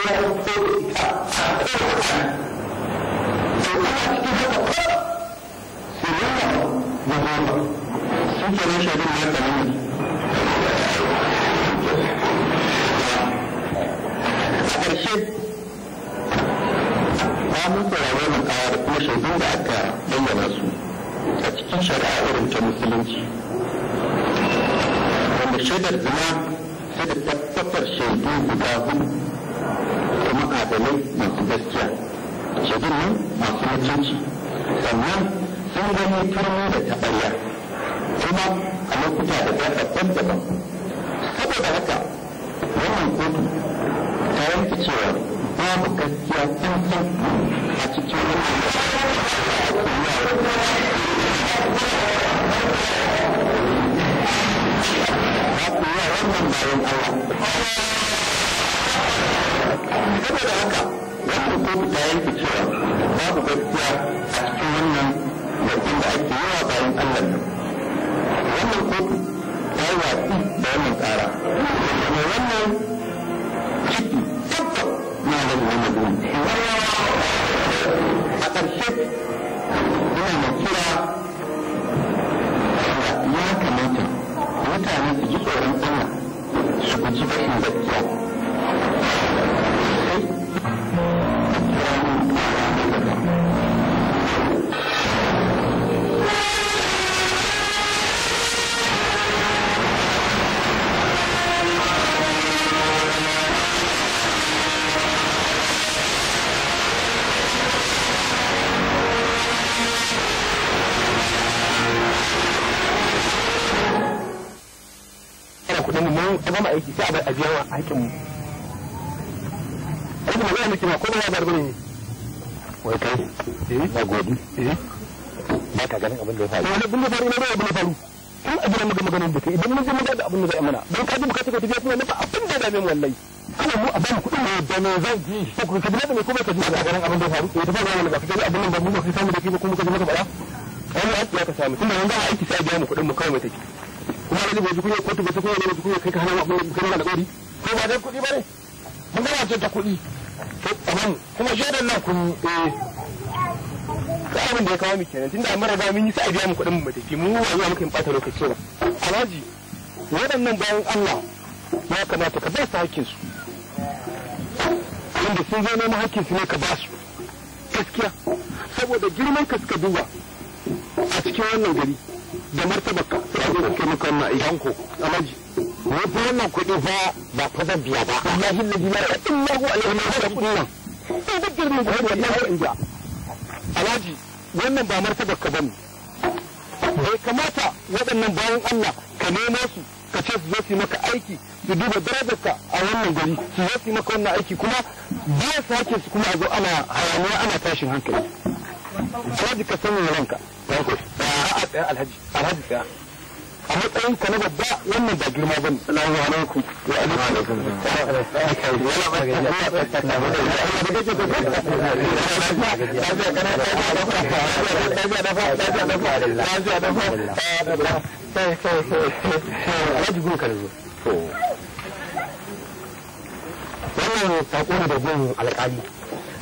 ya fito da da aka bayyana su a cikin shari'a irin musulunci shaidar da tabbatar shaidu guda hudu adalai masu gaskiya shaidun nan masu mutunci sannan sun gani turmi da taɓarya kuma a lokuta da ta daban-daban saboda haka wannan kotu ta yanke cewa babu gaskiya sun san a cikin wannan Thank you. saboda haka wannan kotu ta yanke cewa babu gaskiya a cikin wannan zargin da ake yi wa bayan allah wannan kotu ta yi watsi da wannan tsara wannan kuɗin mu mun gama aiki sai a bar ajiya wa hakkin mu aikin magana miki ma ko ba ya bar bane wai kai eh na godi eh ba ka ganin abin da ya faru wani abin da faru ne abin da faru kan a mu ga maganar da kai idan mun je mun ga abin da zai don ka ji bukatar tafiya nufa abin da mu wallahi kana mu a bamu kuɗin mu da me zan ji ko ku tabbata me ka ji ganin abin da ya faru eh ta fara wani ba ka abin da mu ba ka samu da kai kuma ka ji maka ai ya ka samu yanzu aiki sai mu kuɗin mu kawai take alhaji bai tukunya kotu bai kai ka hana da ko ba kuɗi mun eh, da ya kawo mu kenan tunda mun mu kuɗin mu mu ba zuwa bata lokaci ba alhaji waɗannan bayan Allah ya kamata ka ba su hakkin su wanda sun zo neman hakkin su ne ka ba gaskiya saboda girman ka suka duba a cikin wannan gari da martaba ka sai a zo ma maka wannan aiki yanko alaji fa wannan kudi fa ba fa zan biya ba wallahi na biya da illahu alaihi wa sallam in da girmin da wallahi in ja alaji wannan ba martaba ka bane bai kamata waɗannan bayan Allah ka nemo su ka ce su zo su maka aiki su duba darajarka a wannan gari su zo su maka wannan aiki kuma biya su hake su kuma a zo ana hayaniya ana tashin hankali. Alaji ka sanya ranka. a tsaya alhaji alhaji tsaya a matsayin ka na babba wannan ba girma bane salamu wannan sako ne da gun alƙali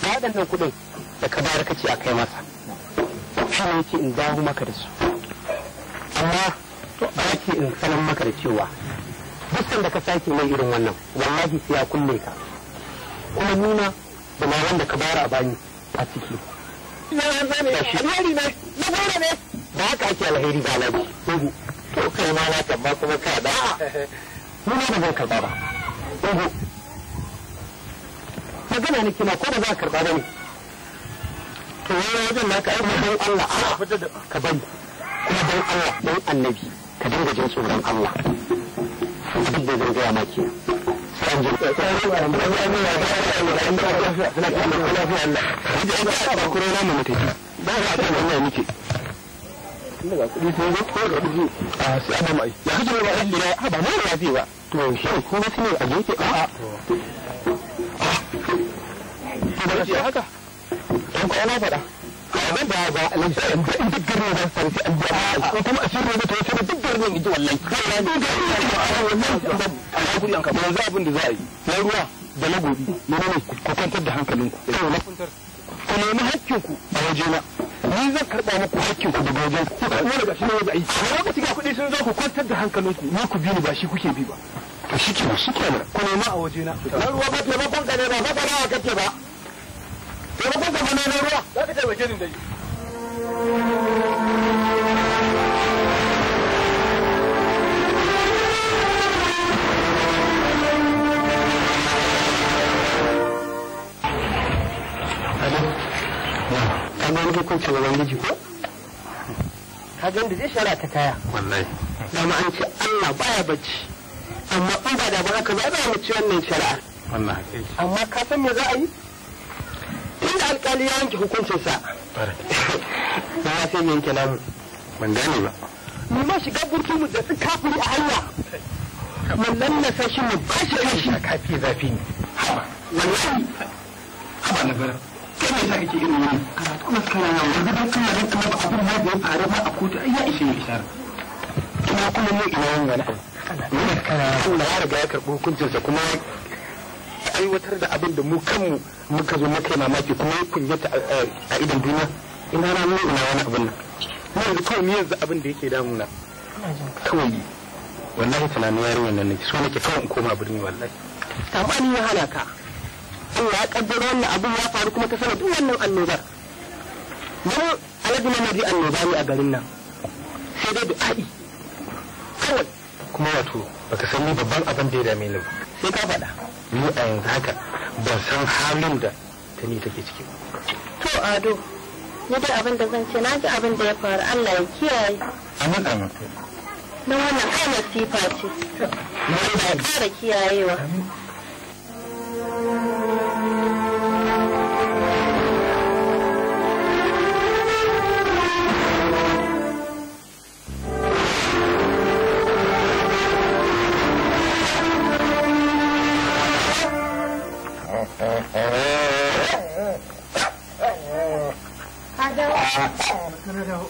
na waɗannan kuɗin da ka bayar kace a kai masa shi ne yake in dawo maka da su amma ba baki in sanar maka da cewa duk da ka sake mai irin wannan wallahi sai ya kulle ka kuma nuna da ma wanda ka bara a bani a ciki na gore ne ba haka ake alheri ba lagu ugu to kai ma na tabba kuma ka da nuna da zan karba ba ugu magana ne kina ko da za ka karba ba ne to wani wajen na ka yi Allah ka bari kuma Allah don annabi ka dinga jin tsoron Allah da zan gaya maki sai an ji kurona mu mutaji ba za a sai ɗan lira faɗa abin da a ga alhamdulillah in duk garin za san rufe aljiya ko kuma asiri ne to sai duk garin in ji wallahi sai duk garin ya fara wannan alhamdulillah yanka ba za abin da za a yi na ruwa da na gobi ne ne ku kwantar da hankalinku sai na kwantar ku nemi hakkinku a wajena ni zan karɓa muku hakkin ku daga wajen ku karɓi daga shi ne wanda aiki a lokacin ga kuɗi sun zo ku kwantar da hankalinku ni ku bi ni ba shi kuke bi ba Ka shi kenan shi kenan ku nema a wajena na ruwa ba taimakon ka ne ba ba ba ka ce ba taimakon ka ne na ruwa taimake ni dai amma ni kun ce gaban ko ka ga inda zai shara ta kaya wallahi dama an ce Allah baya bacci amma in ba da ba haka ba za mu ci wannan shari'a amma ka san me za a yi alkali ya yanke sa. ba ya sai yanke namu ban gane ba mu ma shiga burtu mu da kafiri a hanya mu lallasa shi mu ba shi shi. kafi zafi ne wallahi haba na bara kai me yasa kake irin wannan karatu na kana yawa wanda dan kana dan kana abin ma da faru ba a kotu ai ya ishe kuma kuma mu ina yin wani abu kana kana Kuma ya riga ya karbi hukuncinsa kuma aiwatar da abin da mu kanmu muka zo muka yi mamaki kuma ya kunyata eh, a idan duniya ina na nuna ina wani abin nan ni yanzu kawai ni yanzu abin da yake damuna kawai wallahi tunanin yarinyar wannan nake so nake kawai in koma birni wallahi kamar ni ya hana ka Allah ya kaddara wannan abin ya faru kuma ta sanar duk wannan annobar mu alaji na naji annoba ne a garin nan sai dai du'a'i kawai kuma wato baka san ni babban abin da ya dame ni ba sai ka faɗa ni a yanzu haka ban san halin da ta ni take ciki to ado ni da abin da zan ce na ji abin da ya faru Allah ya kiyaye amin amin na wannan ai masifa ce na da kiyayewa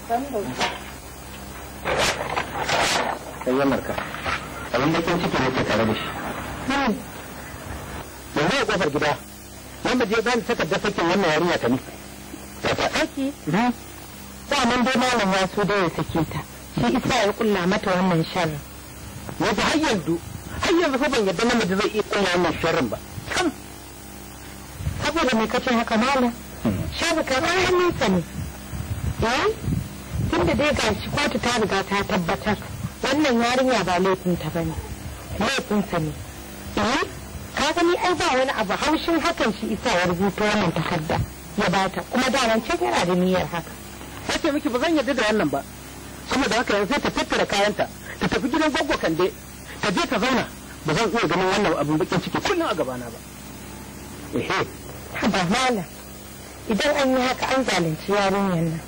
Sayyanar ka, abin da kin ciki nake tare da shi. Yanzu a kofar gida, wanda je bani da sakin wannan yarinya ta ne. Ta aiki? Hmm? Daman dai malam ya so da ya sake ta, shi isa ya kulla mata wannan sharrin. Wata har yanzu, har yanzu fa ban yadda namiji zai iya kulla wannan sharrin ba. Kam! Saboda me kace haka malam? Hmm. Shabu kamar hannunsa ne. Eh? tunda dai ga shi kotu ta riga ta tabbatar wannan yarinya ba laifin ta bane laifin sa ne eh ka gani ai ba wani abu haushin hakan shi isa ya rubuta wannan takarda ya bata kuma da wancan yana da niyyar haka sai miki ba zan yarda da wannan ba da haka sai ta tattara kayanta ta tafi gidan goggo kande ta je ta zauna bazan zan iya ganin wannan abin bakin ciki kullum a gabana ba ehe ba mala idan an yi haka an zalunci yarinyar nan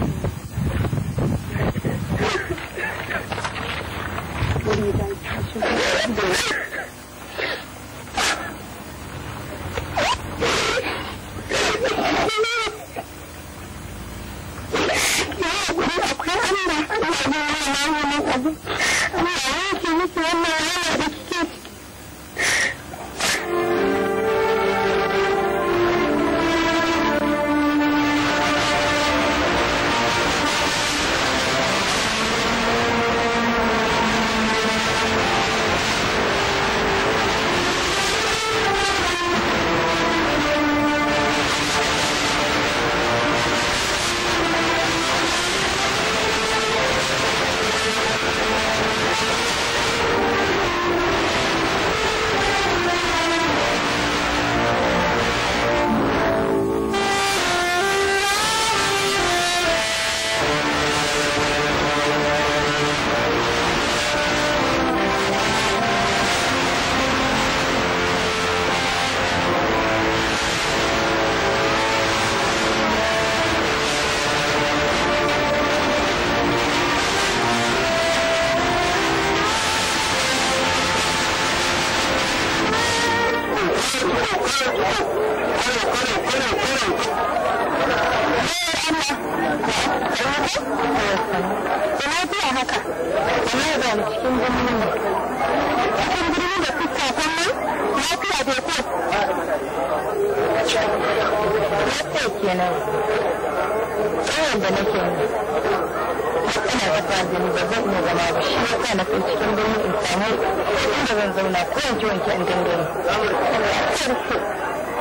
amurka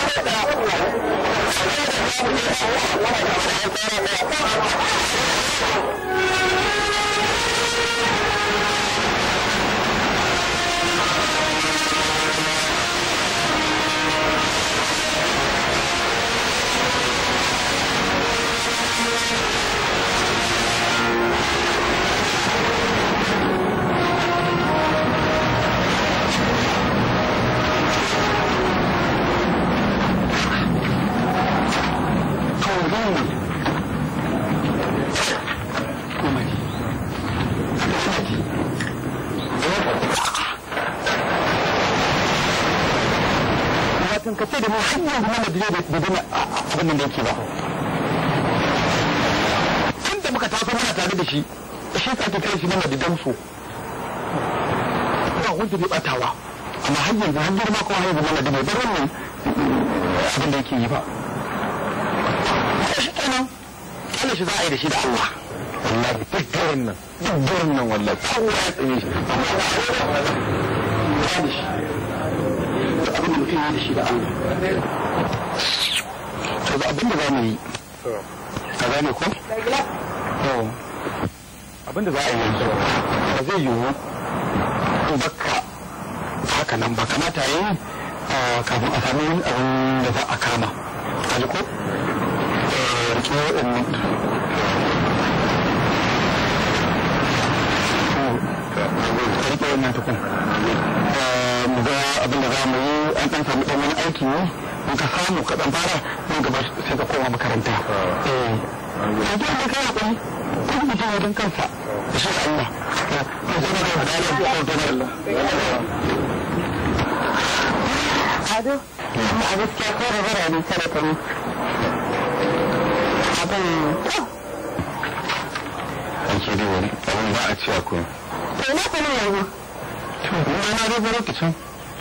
Thank you. kan ka ce da mu har yanzu Muhammad ne bai gama abin da yake ba tun da muka taso muna tare da shi shi ka kai shi da Damso ba wanda bai batawa amma hanyar da hanyar kuma mana da bai barin eh, abin da yake yi ba shi kenan Allah shi za a yi da shi da Allah wallahi duk garin nan duk garin nan wallahi kowa ya tsaye shi amma ba shi mutum da shi da Allah abin da za mu yi ka gane ko to da za a yi ba zai yiwu in bakka haka nan ba kamata yi kafin a sami abin da za a kama kaji ko rike wannan tukun mu ga abin da za mu yi an ɗan samu ɗan aiki ne in ka samu ka ɗan nan gaba sai ka koma makaranta. Ah. Eh. yi mutum kansa da Allah. Eh, Ado, a gaskiya ko da wani, abin a akwai. na kwanin yanzu. na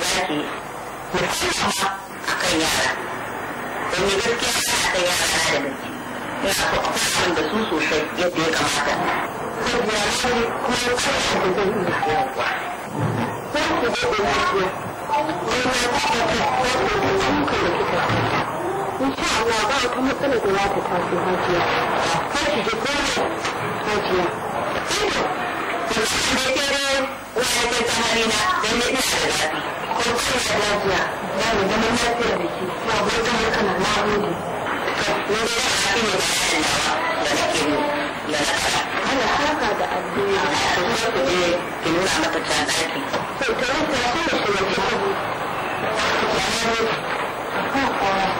yaƙi musamman a kan yara domin gaskiya ana kan yara na da gaske ina ko akwai da su sosai yadda ya kamata saboda ko kuma kawai da zai iya yawa ko ku ga da lafiya ko na ta ta ko ku ga muka da in sha Allah ba wata matsala da za ta tafi hajiya ko ki ji ko hajiya Thank you. da kere wani tsamari na da ne ina da zafi akwai da lafiya mu zama lafiya da ke ba haka na da ake ne da nake ne da Ana da addini. Ana da je ki nuna mata ta Ko ta shi ne Ya ne.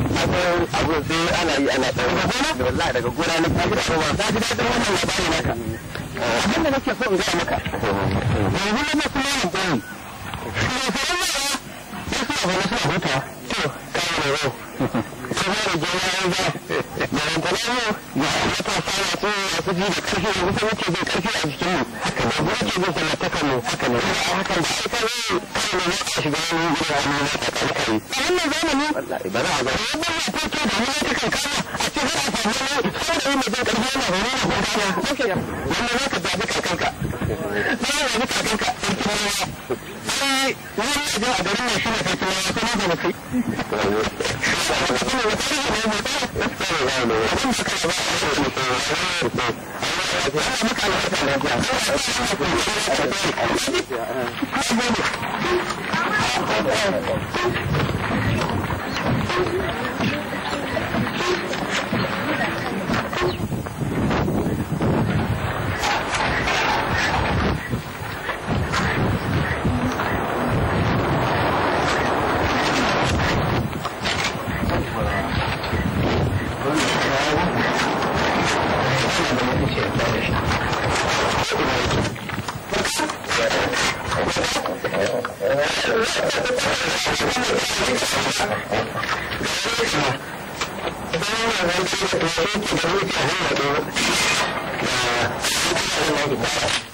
san abu sai ana yi ana tsaye daga gona wallahi daga gona na kaji da kuma kaji da dan wannan labari naka abinda nake so in gaya maka yanzu na kuma yin bayan shi ne sai Allah ya suna ba suna hutawa tsoro saboda gona ya za da rantanar mu ga matasa masu masu ji da karfi da kusa muke jin karfi a jikin mu haka da gona ke jin samartaka mu haka ne a hakan da aika yi kai ne mata shiga wani gida wani mata karkare a wannan zamani wallahi ba za a ga wani ba ta ke da mu ta kan kama a ce za a samu ne saboda yi mai jin karfi yana da wani da kan kama wannan za ka zaɓi kankanka wani kakan ka ɗan turawa ai wani abu a garin mai shi ta turawa ta maza mutu Thank you. Thank you.